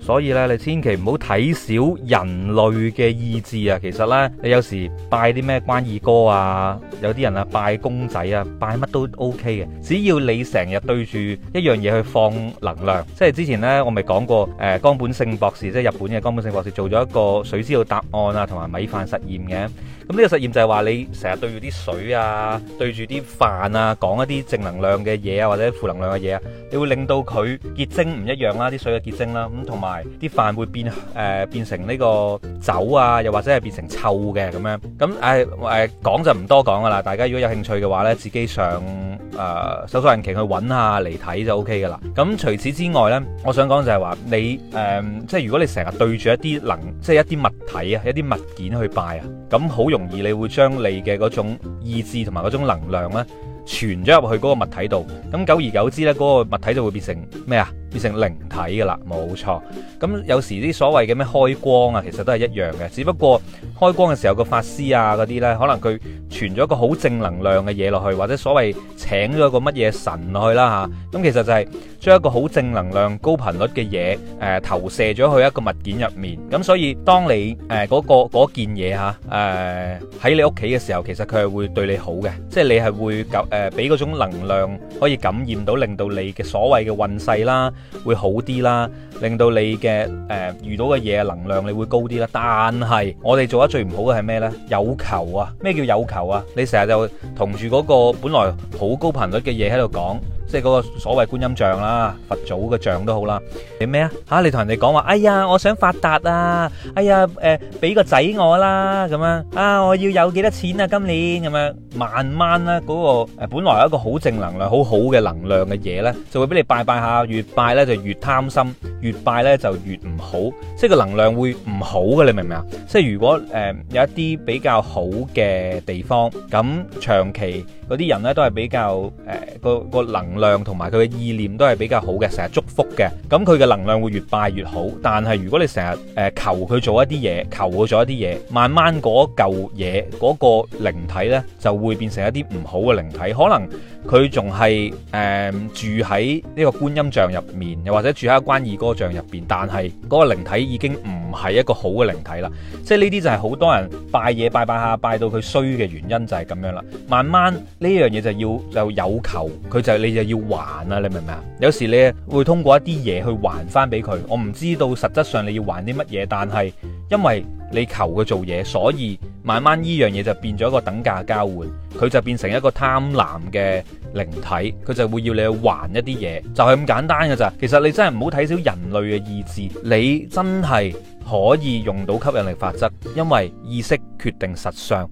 所以咧，你千祈唔好睇少人類嘅意志啊！其實呢，你有時拜啲咩關二哥啊，有啲人啊拜公仔啊，拜乜都 O K 嘅，只要你成日對住一樣嘢去放能量。即係之前呢，我咪講過誒、呃、江本勝博士，即係日本嘅江本勝博士做咗一個水知道答案啊，同埋米飯實驗嘅。咁呢個實驗就係話你成日對住啲水啊，對住啲飯啊，講一啲正能量嘅嘢啊，或者負能量嘅嘢啊，你會令到佢結晶唔一樣啦，啲水嘅結晶啦、啊，咁同埋啲飯會變誒、呃、變成呢個酒啊，又或者係變成臭嘅咁樣。咁誒誒講就唔多講噶啦，大家如果有興趣嘅話呢，自己上。誒、呃、搜索引擎去揾下嚟睇就 OK 噶啦。咁除此之外呢，我想講就係話你誒、呃，即係如果你成日對住一啲能，即係一啲物體啊，一啲物件去拜啊，咁好容易你會將你嘅嗰種意志同埋嗰種能量呢傳咗入去嗰個物體度。咁久而久之呢，嗰、那個物體就會變成咩啊？變成靈體嘅啦，冇錯。咁有時啲所謂嘅咩開光啊，其實都係一樣嘅。只不過開光嘅時候，個法師啊嗰啲呢，可能佢傳咗一個好正能量嘅嘢落去，或者所謂請咗一個乜嘢神落去啦吓。咁、啊、其實就係將一個好正能量高頻、高頻率嘅嘢誒投射咗去一個物件入面。咁、啊、所以當你誒嗰、呃嗰個件嘢吓誒喺你屋企嘅時候，其實佢係會對你好嘅，即、就、係、是、你係會感誒俾嗰種能量可以感染到，令到你嘅所謂嘅運勢啦。啊會好啲啦，令到你嘅誒、呃、遇到嘅嘢能量你會高啲啦。但係我哋做得最唔好嘅係咩呢？有求啊！咩叫有求啊？你成日就同住嗰個本來好高頻率嘅嘢喺度講。即係嗰個所謂觀音像啦，佛祖嘅像都好啦。你咩啊？吓，你同人哋講話，哎呀，我想發達啊！哎呀，誒、呃，俾個仔我啦，咁樣啊，我要有幾多錢啊？今年咁樣，慢慢啦，嗰、嗰個誒，本來有一個好正能量、好好嘅能量嘅嘢咧，就會俾你拜拜下，越拜咧就越貪心，越拜咧就越唔好，即係個能量會唔好嘅，你明唔明啊？即係如果誒、呃、有一啲比較好嘅地方，咁長期。嗰啲人咧都係比較誒、呃、個個能量同埋佢嘅意念都係比較好嘅，成日祝福嘅。咁佢嘅能量會越拜越好。但係如果你成日誒求佢做一啲嘢，求佢做一啲嘢，慢慢嗰嚿嘢嗰個靈體咧就會變成一啲唔好嘅靈體。可能佢仲係誒住喺呢個觀音像入面，又或者住喺關二哥像入邊，但係嗰個靈體已經唔係一個好嘅靈體啦。即係呢啲就係、是、好多人拜嘢拜拜下，拜到佢衰嘅原因就係咁樣啦。慢慢。呢樣嘢，就要就有求，佢就你就要還啊！你明唔明啊？有時你會通過一啲嘢去還翻俾佢。我唔知道實質上你要還啲乜嘢，但係因為你求佢做嘢，所以慢慢呢樣嘢就變咗一個等價交換。佢就變成一個貪婪嘅靈體，佢就會要你去還一啲嘢，就係咁簡單㗎咋。其實你真係唔好睇少人類嘅意志，你真係可以用到吸引力法則，因為意識決定實相。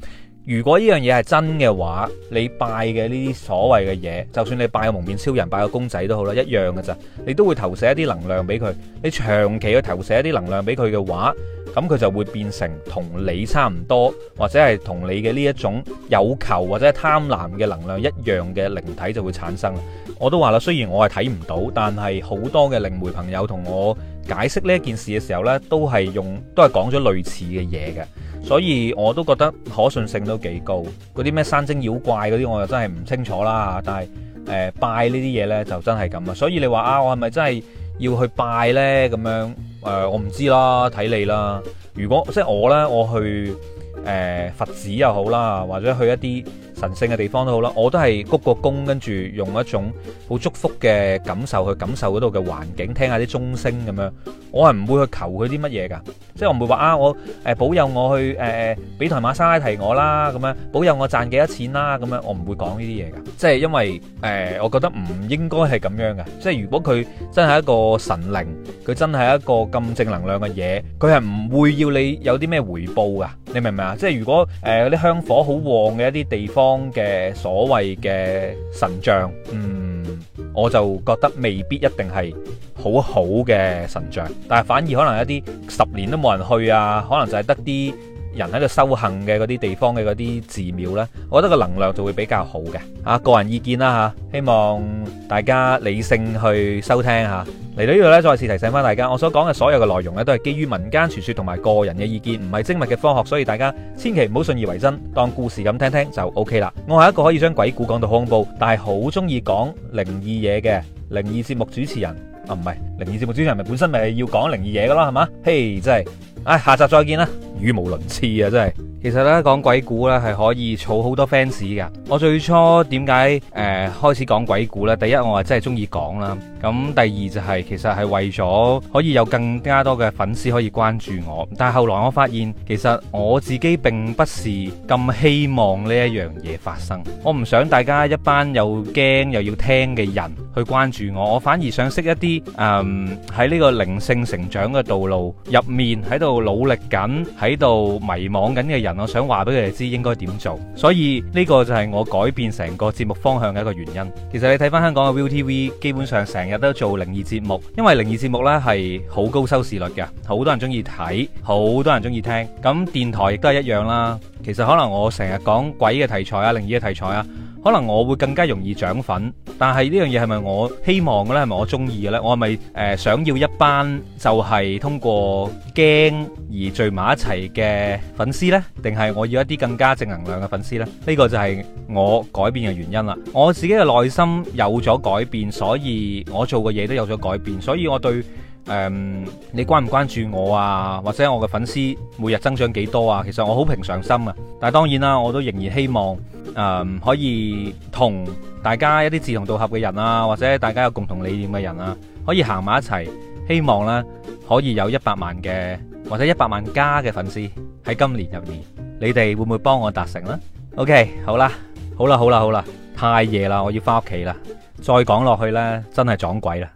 如果呢樣嘢係真嘅話，你拜嘅呢啲所謂嘅嘢，就算你拜個蒙面超人，拜個公仔都好啦，一樣嘅咋，你都會投射一啲能量俾佢。你長期去投射一啲能量俾佢嘅話，咁佢就會變成同你差唔多，或者係同你嘅呢一種有求或者貪婪嘅能量一樣嘅靈體就會產生。我都話啦，雖然我係睇唔到，但係好多嘅靈媒朋友同我解釋呢件事嘅時候呢，都係用都係講咗類似嘅嘢嘅。所以我都覺得可信性都幾高，嗰啲咩山精妖怪嗰啲我又真係唔清楚啦。但係誒、呃、拜呢啲嘢呢，就真係咁啊。所以你話啊，我係咪真係要去拜呢？咁樣？誒、呃、我唔知啦，睇你啦。如果即係我呢，我去誒、呃、佛寺又好啦，或者去一啲。神聖嘅地方都好啦，我都係鞠個躬，跟住用一種好祝福嘅感受去感受嗰度嘅環境，聽下啲鐘聲咁樣。我係唔會去求佢啲乜嘢噶，即係我唔會話啊，我誒保佑我去誒俾、呃、台馬莎拉提我啦，咁樣保佑我賺幾多錢啦，咁樣我唔會講呢啲嘢噶。即係因為誒、呃，我覺得唔應該係咁樣噶。即係如果佢真係一個神靈，佢真係一個咁正能量嘅嘢，佢係唔會要你有啲咩回報噶。你明唔明啊？即係如果誒嗰啲香火好旺嘅一啲地方嘅所謂嘅神像，嗯，我就覺得未必一定係好好嘅神像，但係反而可能一啲十年都冇人去啊，可能就係得啲人喺度修行嘅嗰啲地方嘅嗰啲寺廟咧，我覺得個能量就會比較好嘅。啊，個人意見啦吓，希望大家理性去收聽吓。嚟到呢度咧，再次提醒翻大家，我所講嘅所有嘅內容咧，都係基於民間傳說同埋個人嘅意見，唔係精密嘅科學，所以大家千祈唔好信以為真，當故事咁聽聽就 OK 啦。我係一個可以將鬼故講到好恐怖，但係好中意講靈異嘢嘅靈異節目主持人。啊，唔係，靈異節目主持人咪本身咪係要講靈異嘢噶咯，係嘛？嘿，真係。唉、哎，下集再見啦！語無倫次啊，真係。其實咧講鬼故咧係可以儲好多 fans 噶我最初點解誒開始講鬼故呢？第一我係真係中意講啦。咁第二就係、是、其實係為咗可以有更加多嘅粉絲可以關注我。但係後來我發現，其實我自己並不是咁希望呢一樣嘢發生。我唔想大家一班又驚又要聽嘅人。去關注我，我反而想識一啲誒喺呢個靈性成長嘅道路入面喺度努力緊、喺度迷茫緊嘅人，我想話俾佢哋知應該點做。所以呢個就係我改變成個節目方向嘅一個原因。其實你睇翻香港嘅 ViuTV，基本上成日都做靈異節目，因為靈異節目呢係好高收視率嘅，好多人中意睇，好多人中意聽。咁電台亦都係一樣啦。其實可能我成日講鬼嘅題材啊、靈異嘅題材啊。可能我會更加容易漲粉，但係呢樣嘢係咪我希望嘅咧？係咪我中意嘅呢？我係咪誒想要一班就係通過驚而聚埋一齊嘅粉絲呢？定係我要一啲更加正能量嘅粉絲呢？呢、呢個就係我改變嘅原因啦。我自己嘅內心有咗改變，所以我做嘅嘢都有咗改變，所以我對。誒，你關唔關注我啊？或者我嘅粉絲每日增長幾多啊？其實我好平常心啊，但係當然啦，我都仍然希望誒，可以同大家一啲志同道合嘅人啊，或者大家有共同理念嘅人啊，可以行埋一齊，希望咧可以有一百萬嘅或者一百萬加嘅粉絲喺今年入面，你哋會唔會幫我達成呢？OK，好啦，好啦，好啦，好啦，太夜啦，我要翻屋企啦，再講落去呢真係撞鬼啦！